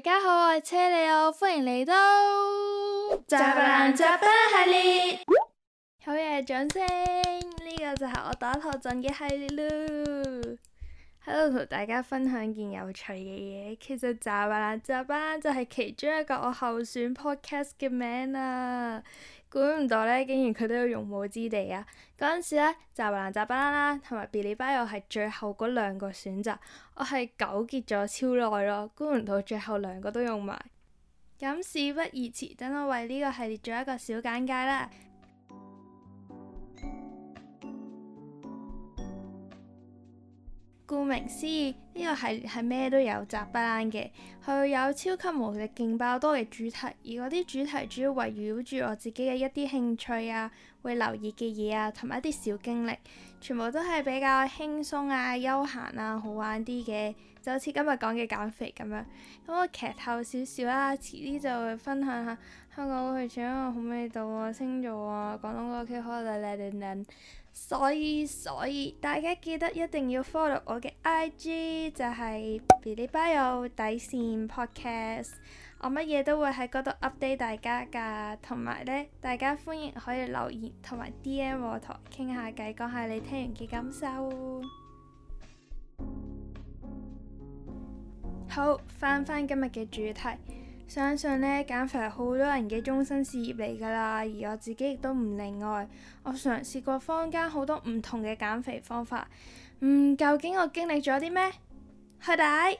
大家好，我係車里奧，歡迎嚟到。扎不爛扎系列。好嘢，掌聲，呢、這個就係我打頭陣嘅系列咯。喺度同大家分享件有趣嘅嘢，其實就係《雜麻蘭雜班》，就係、是、其中一個我候選 podcast 嘅名啦、啊。估唔到咧，竟然佢都有用武之地啊！嗰陣時咧，《雜麻蘭雜班》啦，同埋《比利巴》又係最後嗰兩個選擇，我係糾結咗超耐咯。估唔到最後兩個都用埋。咁事不宜遲，等我為呢個系列做一個小簡介啦。顧名思義，呢、這個系列係咩都有雜崩冷嘅，佢有超級無敵勁爆多嘅主題，而嗰啲主題主要圍繞住我自己嘅一啲興趣啊，會留意嘅嘢啊，同埋一啲小經歷，全部都係比較輕鬆啊、休閒啊、好玩啲嘅，就好似今日講嘅減肥咁樣。咁我劇透少少啦，遲啲就會分享下香港去企長我可唔可以當星座啊？講多幾句嚟嚟定定。所以所以，大家記得一定要 follow 我嘅 IG，就係 Billy Bio 底線 Podcast。我乜嘢都會喺嗰度 update 大家噶，同埋呢，大家歡迎可以留言同埋 DM 我同我傾下偈，講下，下你聽完嘅感受。好，翻翻今日嘅主題。相信呢，減肥係好多人嘅終身事業嚟噶啦，而我自己亦都唔例外。我嘗試過坊間好多唔同嘅減肥方法，嗯，究竟我經歷咗啲咩？去底。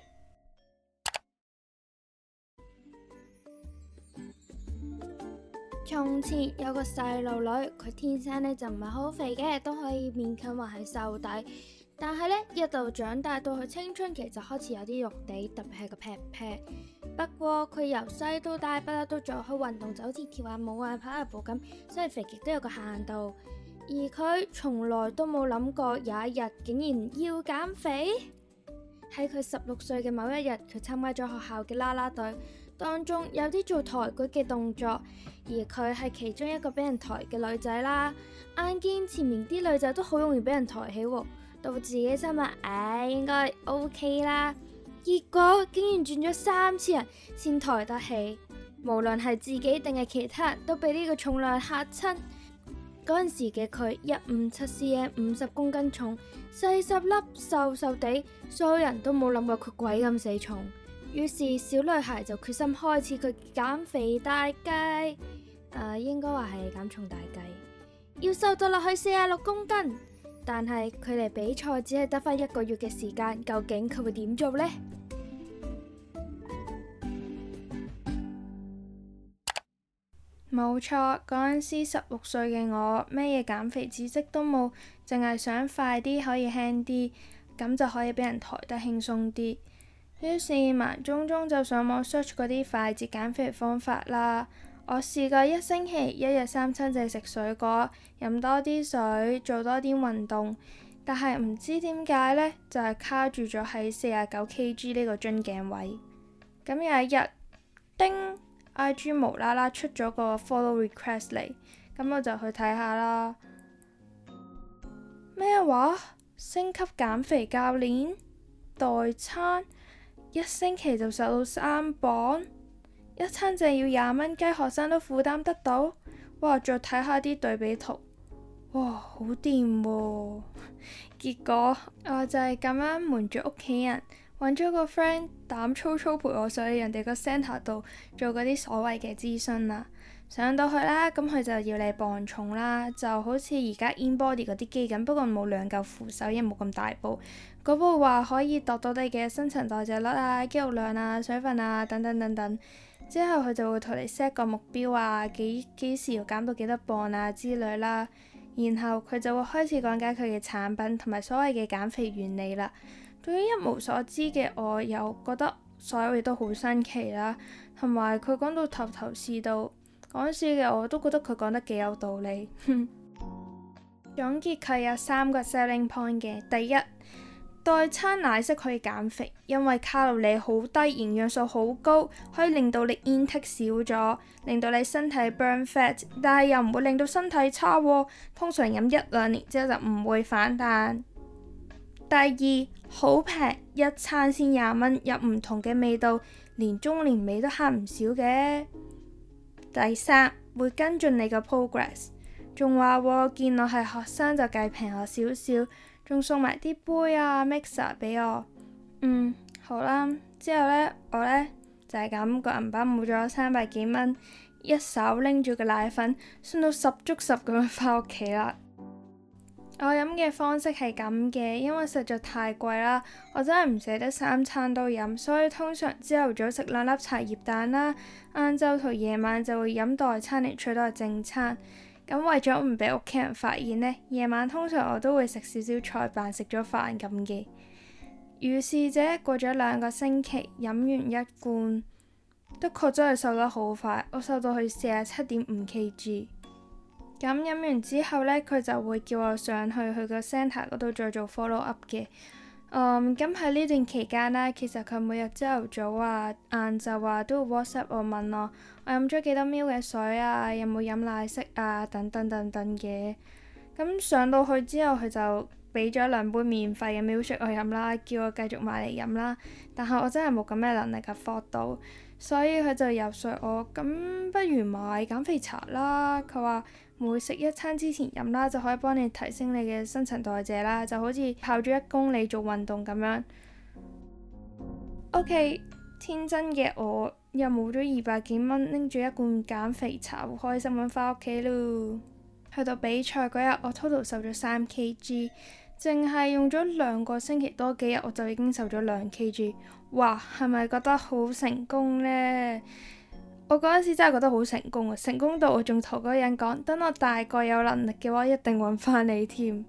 從前有個細路女，佢天生呢就唔係好肥嘅，都可以勉強話係瘦底。但係呢，一路長大到去青春期就開始有啲肉地，特別係個劈劈。不過佢由細到大不嬲都做開運動，就好似跳下舞啊、跑下步咁，所以肥極都有個限度。而佢從來都冇諗過有一日竟然要減肥。喺佢十六歲嘅某一日，佢參加咗學校嘅啦啦隊，當中有啲做抬舉嘅動作，而佢係其中一個俾人抬嘅女仔啦。眼見前面啲女仔都好容易俾人抬起喎、哦。到自己心話，唉、啊，應該 O K 啦。結果竟然轉咗三次人先抬得起，無論係自己定係其他人，都俾呢個重量吓親。嗰陣時嘅佢一五七 cm，五十公斤重，四十粒，瘦，瘦瘦地，所有人都冇諗過佢鬼咁死重。於是小女孩就決心開始佢減肥大計，誒、呃，應該話係減重大計，要瘦到落去四十六公斤。但係距離比賽只係得翻一個月嘅時間，究竟佢會點做呢？冇錯，嗰陣時十六歲嘅我，咩嘢減肥知識都冇，淨係想快啲可以輕啲，咁就可以俾人抬得輕鬆啲。於是，盲中中就上網 search 嗰啲快捷減肥方法啦。我試過一星期一日三餐就係食水果，飲多啲水，做多啲運動，但係唔知點解呢，就係卡住咗喺四十九 kg 呢個樽頸位。咁有一日，叮，I G 無啦啦出咗個 follow request 嚟，咁我就去睇下啦。咩話？升級減肥教練，代餐，一星期就瘦到三磅。一餐淨要廿蚊雞，學生都負擔得到。哇！再睇下啲對比圖，哇，好掂喎。結果我就係咁樣瞞住屋企人，搵咗個 friend 膽粗粗陪我上去人哋個 center 度做嗰啲所謂嘅諮詢啦。上到去啦，咁佢就要你磅重啦，就好似而家 InBody 嗰啲機咁，不過冇兩嚿扶手，亦冇咁大部。嗰部話可以度到你嘅新陳代謝率啊、肌肉量啊、水分啊等等等等。之後佢就會同你 set 個目標啊，幾幾時要減到幾多磅啊之類啦，然後佢就會開始講解佢嘅產品同埋所謂嘅減肥原理啦。對於一無所知嘅我，又覺得所有嘢都好新奇啦，同埋佢講到頭頭是道，講笑嘅我都覺得佢講得幾有道理。呵呵 總結佢有三個 selling point 嘅，第一。代餐奶昔可以減肥，因為卡路里好低，營養素好高，可以令到你 intake 少咗，令到你身體 burn fat，但係又唔會令到身體差喎。通常飲一兩年之後就唔會反彈。第二，好平，一餐先廿蚊，有唔同嘅味道，連中年味都慳唔少嘅。第三，會跟進你嘅 progress，仲話喎，見我係學生就計平我少少。仲送埋啲杯啊 mixer 俾我，嗯，好啦，之後呢，我呢，就係咁個銀包冇咗三百幾蚊，一手拎住個奶粉，送到十足十咁樣翻屋企啦。我飲嘅方式係咁嘅，因為實在太貴啦，我真係唔捨得三餐都飲，所以通常朝頭早食兩粒茶葉蛋啦，晏晝同夜晚就會飲代餐，嚟取代正餐。咁為咗唔俾屋企人發現呢，夜晚通常我都會食少少菜扮食咗飯咁嘅。如是者過咗兩個星期，飲完一罐，的確真係瘦得好快，我瘦到去四十七點五 kg。咁飲完之後呢，佢就會叫我上去佢個 center 嗰度再做 follow up 嘅。嗯，咁喺呢段期間咧，其實佢每日朝頭早啊、晏晝啊，都會 WhatsApp 我問我，我飲咗幾多 ml 嘅水啊，有冇飲奶昔啊，等等等等嘅。咁上到去之後，佢就～俾咗兩杯免費嘅 milkshake 去飲啦，叫我繼續買嚟飲啦。但係我真係冇咁嘅能力架 hold 到，所以佢就游說我，咁不如買減肥茶啦。佢話每食一餐之前飲啦，就可以幫你提升你嘅新陳代謝啦，就好似跑咗一公里做運動咁樣。OK，天真嘅我又冇咗二百幾蚊，拎住一罐減肥茶，開心咁翻屋企咯～去到比賽嗰日，我 total 瘦咗三 kg，淨係用咗兩個星期多幾日，我就已經瘦咗兩 kg。哇，係咪覺得好成功呢？我嗰陣時真係覺得好成功啊！成功到我仲同嗰個人講，等我大個有能力嘅話，一定揾翻你添。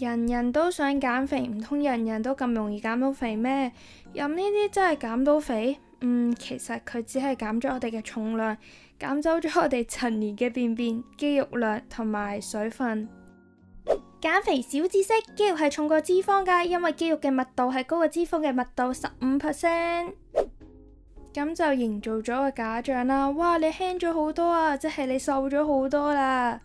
人人都想減肥，唔通人人都咁容易減到肥咩？飲呢啲真係減到肥？嗯，其實佢只係減咗我哋嘅重量，減走咗我哋陳年嘅便便、肌肉量同埋水分。減肥小知識：肌肉係重過脂肪噶，因為肌肉嘅密度係高過脂肪嘅密度十五 percent。咁就營造咗個假象啦。哇，你輕咗好多啊，即係你瘦咗好多啦。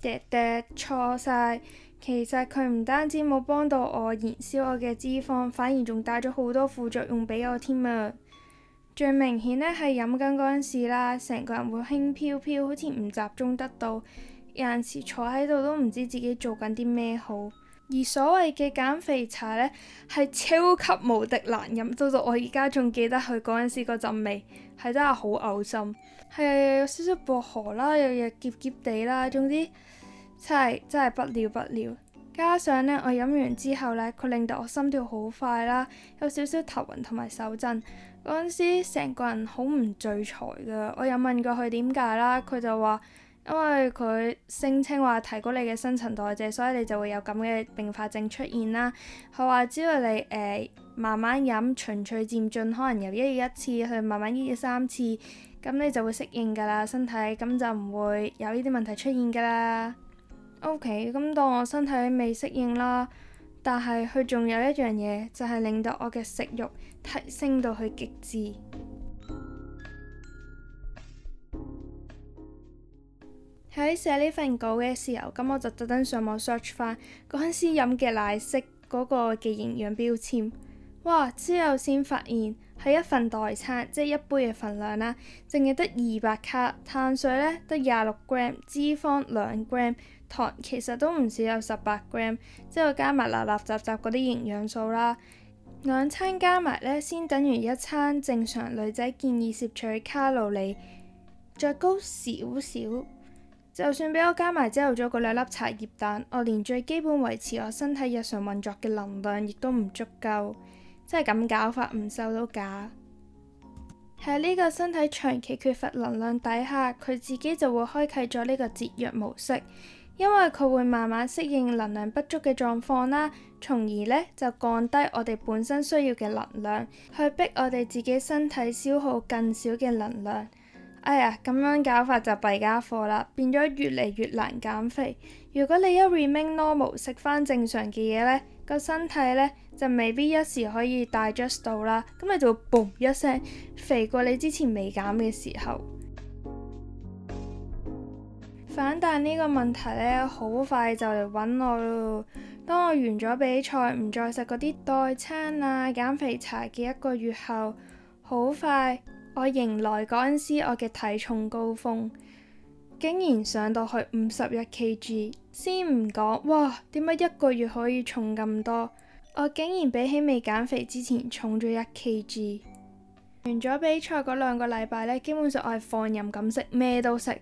滴滴錯晒，其實佢唔單止冇幫到我燃燒我嘅脂肪，反而仲帶咗好多副作用俾我添啊！最明顯咧係飲緊嗰陣時啦，成個人會輕飄飄，好似唔集中得到，有陣時坐喺度都唔知自己做緊啲咩好。而所謂嘅減肥茶咧係超級無敵難飲，到到我而家仲記得佢嗰陣時嗰陣味，係真係好嘔心，係又有，有少少薄荷啦，又有澀澀地啦，總之真係真係不了不了。加上咧，我飲完之後咧，佢令到我心跳好快啦，有少少頭暈同埋手震。嗰陣時成個人好唔聚財㗎。我有問過佢點解啦，佢就話因為佢聲稱話提高你嘅新陳代謝，所以你就會有咁嘅併發症出現啦。佢話只要你誒、呃、慢慢飲，循序漸進，可能由一日一次去慢慢二三次，咁你就會適應㗎啦，身體咁就唔會有呢啲問題出現㗎啦。O.K. 咁當我身體未適應啦，但係佢仲有一樣嘢就係、是、令到我嘅食慾提升到去極致。喺 寫呢份稿嘅時候，咁我就特登上網 search 翻嗰陣時飲嘅奶昔嗰個嘅營養標籤。哇！之後先發現係一份代餐，即、就、係、是、一杯嘅份量啦，淨係得二百卡，碳水呢得廿六 gram 脂肪兩 gram。糖其實都唔止有十八 gram，之後加埋垃垃雜雜嗰啲營養素啦，兩餐加埋呢，先等於一餐正常女仔建議攝取卡路里再高少少。 就算俾我加埋朝頭早嗰兩粒茶葉蛋，我連最基本維持我身體日常運作嘅能量亦都唔足夠。真係咁搞法，唔瘦都假。喺呢個身體長期缺乏能量底下，佢自己就會開啟咗呢個節約模式。因為佢會慢慢適應能量不足嘅狀況啦，從而呢就降低我哋本身需要嘅能量，去逼我哋自己身體消耗更少嘅能量。哎呀，咁樣搞法就弊家伙，啦，變咗越嚟越難減肥。如果你一 remain normal 食翻正常嘅嘢呢，個身體呢就未必一時可以 adjust 到啦，咁你就會嘣一聲肥過你之前未減嘅時候。反彈呢個問題呢，好快就嚟搵我咯。當我完咗比賽，唔再食嗰啲代餐啊、減肥茶嘅一個月後，好快我迎來嗰陣時我嘅體重高峰，竟然上到去五十一 Kg。先唔講，哇，點解一個月可以重咁多？我竟然比起未減肥之前重咗一 Kg。完咗比賽嗰兩個禮拜呢，基本上我係放任咁食，咩都食。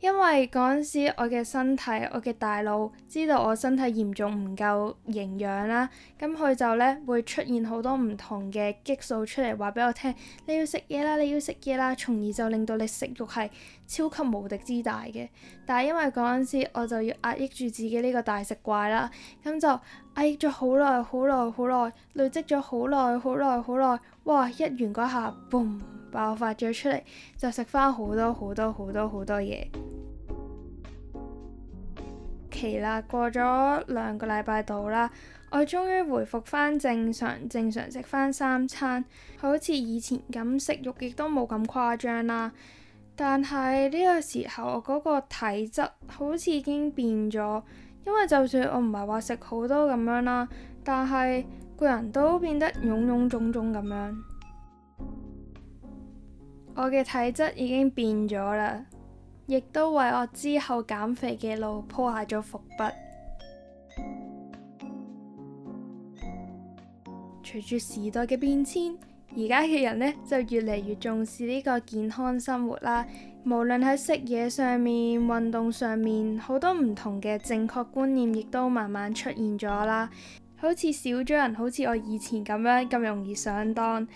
因為嗰陣時我嘅身體，我嘅大腦知道我身體嚴重唔夠營養啦，咁佢就咧會出現好多唔同嘅激素出嚟話俾我聽，你要食嘢啦，你要食嘢啦，從而就令到你食慾係超級無敵之大嘅。但係因為嗰陣時我就要壓抑住自己呢個大食怪啦，咁就壓抑咗好耐好耐好耐，累積咗好耐好耐好耐，哇！一完嗰下，boom！爆發咗出嚟，就食翻好多好多好多好多嘢。期啦！過咗兩個禮拜度啦，我終於回復翻正常，正常食翻三餐，好似以前咁食肉亦都冇咁誇張啦。但係呢個時候，我、那、嗰個體質好似已經變咗，因為就算我唔係話食好多咁樣啦，但係個人都變得臃臃腫腫咁樣。我嘅體質已經變咗啦，亦都為我之後減肥嘅路鋪下咗伏筆。隨住時代嘅變遷，而家嘅人呢就越嚟越重視呢個健康生活啦。無論喺食嘢上面、運動上面，好多唔同嘅正確觀念亦都慢慢出現咗啦。好似少咗人，好似我以前咁樣咁容易上當。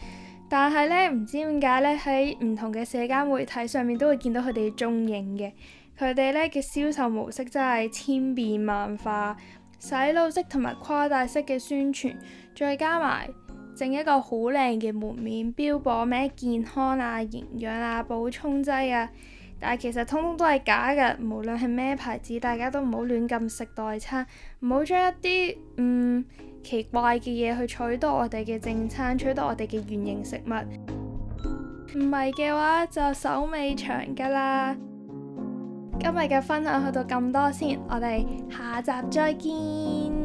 但係咧，唔知點解咧，喺唔同嘅社交媒體上面都會見到佢哋嘅蹤影嘅。佢哋咧嘅銷售模式真係千變萬化，洗腦式同埋誇大式嘅宣傳，再加埋整一個好靚嘅門面，標榜咩健康啊、營養啊、補充劑啊。但係其實通通都係假㗎，無論係咩牌子，大家都唔好亂咁食代餐，唔好將一啲嗯奇怪嘅嘢去取代我哋嘅正餐，取代我哋嘅原型食物。唔係嘅話就手尾長㗎啦。今日嘅分享去到咁多先，我哋下集再見。